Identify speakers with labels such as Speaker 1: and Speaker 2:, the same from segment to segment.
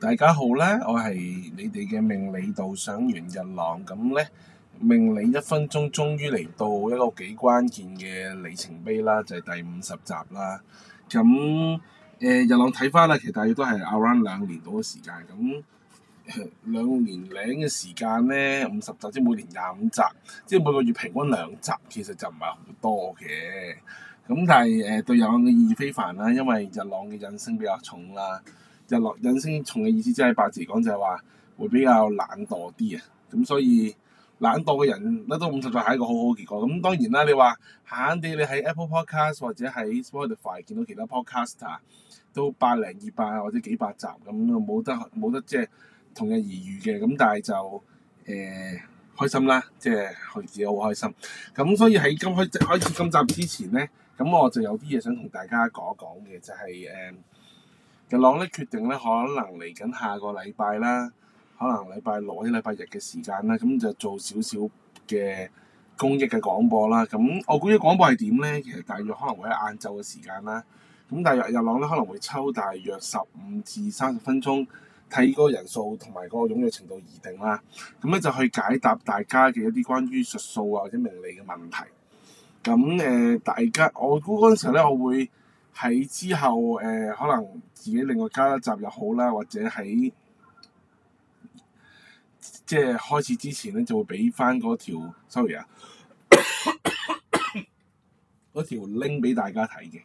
Speaker 1: 大家好咧，我係你哋嘅命理導賞員日朗，咁咧命理一分鐘，終於嚟到一個幾關鍵嘅里程碑啦，就係、是、第五十集啦。咁誒、呃、日朗睇翻啦，其實大約都係 around 兩年到嘅時間。咁兩年零嘅時間咧，五十集即係每年廿五集，即係每，每個月平均兩集，其實就唔係好多嘅。咁但係誒、呃、對日朗嘅意義非凡啦，因為日朗嘅隱性比較重啦。日落印星重嘅意思，即係八字講就係話會比較懶惰啲啊，咁所以懶惰嘅人得到五十集係一個好好嘅結果。咁當然啦，你話閒啲，你喺 Apple Podcast 或者喺 Spotify 見到其他 Podcaster 都百零二百或者幾百集咁，冇得冇得即係同日而語嘅。咁但係就誒、呃、開心啦，即係佢自己好開心。咁所以喺今開開始今集之前咧，咁我就有啲嘢想同大家講一講嘅，就係、是、誒。呃日朗咧決定咧，可能嚟緊下個禮拜啦，可能禮拜六或者禮拜日嘅時間啦，咁就做少少嘅公益嘅廣播啦。咁我估啲廣播係點咧？其實大約可能會喺晏晝嘅時間啦。咁大約日朗咧可能會抽大約十五至三十分鐘，睇嗰個人數同埋嗰個踴躍程度而定啦。咁咧就去解答大家嘅一啲關於術數啊或者命理嘅問題。咁誒，大家我估嗰陣時咧，我會。嗯喺之後，誒、呃、可能自己另外加一集又好啦，或者喺即係開始之前咧，就會俾翻嗰條 sorry 啊，嗰條 link 俾大家睇嘅，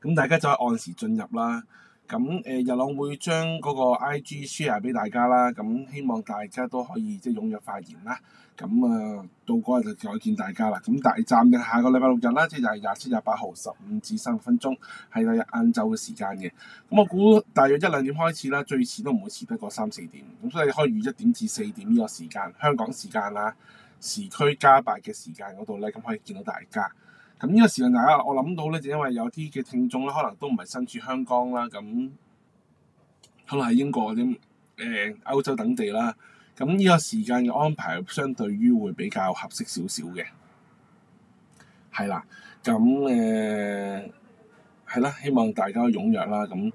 Speaker 1: 咁大家就可以按時進入啦。咁誒，日朗會將嗰個 I G share 俾大家啦，咁希望大家都可以即係踴躍發言啦。咁啊，到嗰日就再見大家啦。咁大站嘅下個禮拜六日啦，即係廿七、廿八號，十五至三十分鐘係日晏晝嘅時間嘅。咁我估大約一兩點開始啦，最遲都唔會遲得過三四點。咁所以可以預一點至四點呢個時間，香港時間啦，時區加八嘅時間嗰度咧，咁可以見到大家。咁呢個時間大家，我諗到咧就因為有啲嘅聽眾咧，可能都唔係身處香港啦，咁可能喺英國啲誒、呃、歐洲等地啦，咁呢個時間嘅安排相對於會比較合適少少嘅，係啦，咁誒係啦，希望大家踴躍啦，咁誒、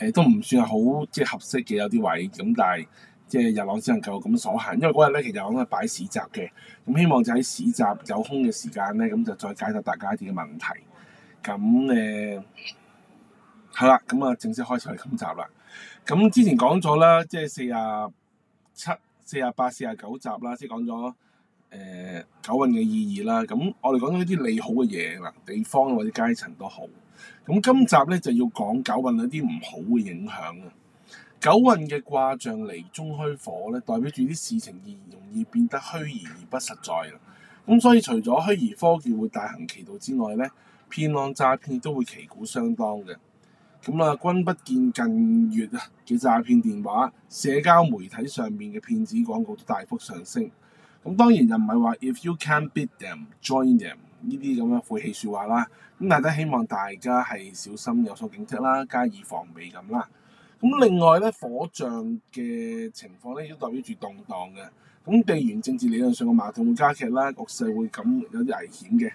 Speaker 1: 呃、都唔算係好即係合適嘅有啲位，咁但係。即係日朗只能夠咁所限，因為嗰日咧其實我喺度擺市集嘅，咁希望就喺市集有空嘅時間咧，咁就再解答大家一啲嘅問題。咁誒，係啦，咁啊正式開始去今集啦。咁之前講咗啦，即係四十七、四十八、四十九集啦，即係講咗誒九運嘅意義啦。咁我哋講咗一啲利好嘅嘢啦，地方或者階層都好。咁今集咧就要講九運有啲唔好嘅影響啊！九運嘅卦象嚟中虛火咧，代表住啲事情易容易變得虛而而不實在啦。咁、嗯、所以除咗虛擬科技會大行其道之外咧，騙案詐騙亦都會旗鼓相當嘅。咁、嗯、啊，君不見近月啊嘅詐騙電話、社交媒體上面嘅騙子廣告都大幅上升。咁、嗯、當然又唔係話 if you can beat them, join them 呢啲咁嘅晦氣説話啦。咁大家希望大家係小心有所警惕啦，加以防備咁啦。咁另外咧，火象嘅情況咧，亦都代表住動盪嘅。咁地緣政治理論上嘅矛盾會加劇啦，局勢會咁有啲危險嘅。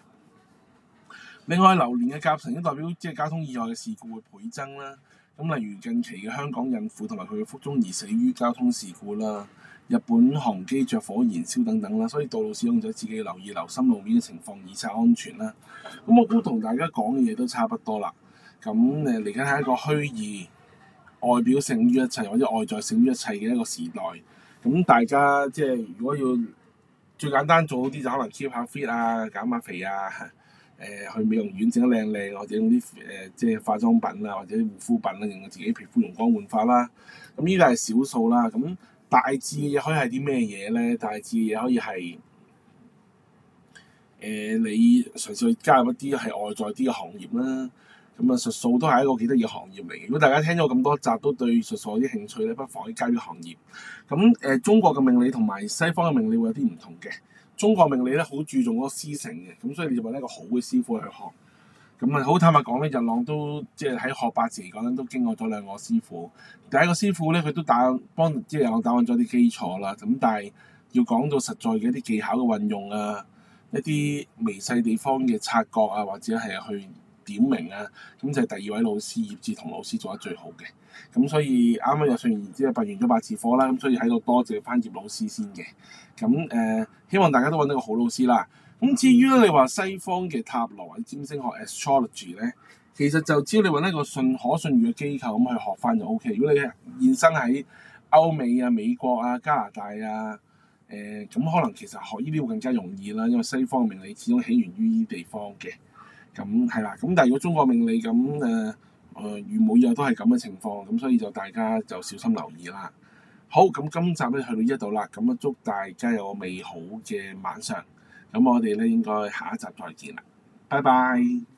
Speaker 1: 另外，流年嘅夾成都代表即係交通意外嘅事故會倍增啦。咁例如近期嘅香港孕婦同埋佢嘅腹中兒死於交通事故啦，日本航機着火燃燒等等啦。所以道路使用者自己留意留心路面嘅情況，以策安全啦。咁、嗯、我估同大家講嘅嘢都差不多啦。咁誒嚟緊係一個虛擬。外表勝於一切，或者外在勝於一切嘅一個時代。咁大家即係如果要最簡單做啲就可能 keep 下 fit 啊，減下肥啊。誒、呃，去美容院整得靚靚，或者用啲誒、呃、即係化妝品啊，或者護膚品啊，令自己皮膚容光煥發啦。咁依個係少數啦。咁、啊、大致可以係啲咩嘢咧？大致嘅嘢可以係誒、呃、你純粹加入一啲係外在啲嘅行業啦。咁啊，術數都係一個幾得意嘅行業嚟嘅。如果大家聽咗咁多集，都對術數有啲興趣咧，不妨去加入行業。咁誒、呃，中國嘅命理同埋西方嘅命理會有啲唔同嘅。中國命理咧，好注重嗰個師承嘅，咁所以你就揾一個好嘅師傅去學。咁啊，好坦白講咧，日浪都即係喺學八字嚟講緊，都經過咗兩個師傅。第一個師傅咧，佢都打幫即係我打穩咗啲基礎啦。咁但係要講到實在嘅一啲技巧嘅運用啊，一啲微細地方嘅察覺啊，或者係去。點名啊！咁就係第二位老師葉志同老師做得最好嘅。咁所以啱啱又順然之啊，辦完咗八字課啦。咁所以喺度多謝翻葉老師先嘅。咁誒、呃，希望大家都揾到個好老師啦。咁至於你話西方嘅塔羅或者占星學 astrology 咧，其實就只要你揾一個信可信譽嘅機構咁去學翻就 O、OK、K。如果你現身喺歐美啊、美國啊、加拿大啊，誒、呃、咁可能其實學呢啲會更加容易啦，因為西方嘅命理始終起源於呢啲地方嘅。咁係啦，咁但係如果中國命理咁誒誒，呃、如每日都係咁嘅情況，咁所以就大家就小心留意啦。好，咁今集咧去到呢度啦，咁啊祝大家有個美好嘅晚上。咁我哋咧應該下一集再見啦，拜拜。